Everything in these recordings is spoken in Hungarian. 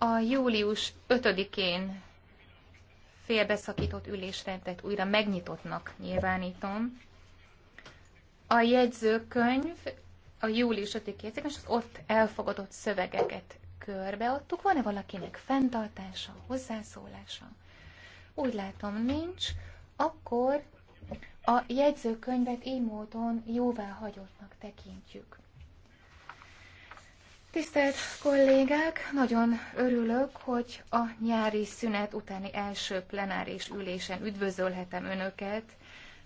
A július 5-én félbeszakított ülésrendet újra megnyitottnak nyilvánítom. A jegyzőkönyv a július 5-i és az ott elfogadott szövegeket körbeadtuk. Van-e valakinek fenntartása, hozzászólása? Úgy látom, nincs. Akkor a jegyzőkönyvet így módon jóvá hagyottnak tekintjük. Tisztelt kollégák, nagyon örülök, hogy a nyári szünet utáni első plenáris ülésen üdvözölhetem Önöket.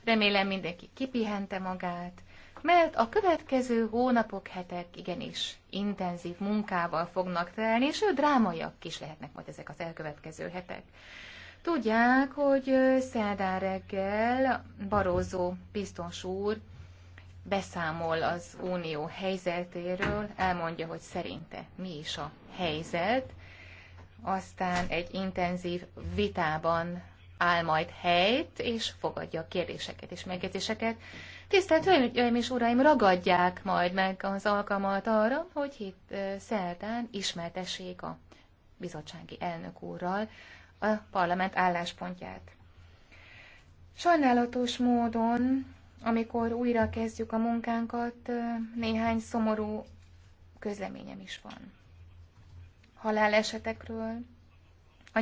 Remélem mindenki kipihente magát, mert a következő hónapok, hetek igenis intenzív munkával fognak telni, és ő drámaiak is lehetnek majd ezek az elkövetkező hetek. Tudják, hogy szerdán reggel Barózó biztos úr beszámol az unió helyzetéről, elmondja, hogy szerinte mi is a helyzet, aztán egy intenzív vitában áll majd helyt, és fogadja a kérdéseket és megjegyzéseket. Tisztelt Hölgyeim és Uraim, ragadják majd meg az alkalmat arra, hogy itt szerdán ismertessék a bizottsági elnök úrral a parlament álláspontját. Sajnálatos módon amikor újra kezdjük a munkánkat, néhány szomorú közleményem is van. Halálesetekről,